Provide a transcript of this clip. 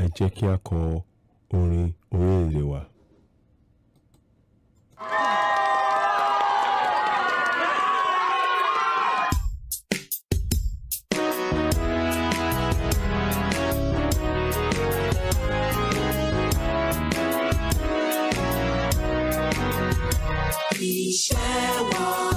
ẹ jẹ́ kí a kọ orin orílẹ̀-èdè wa. share.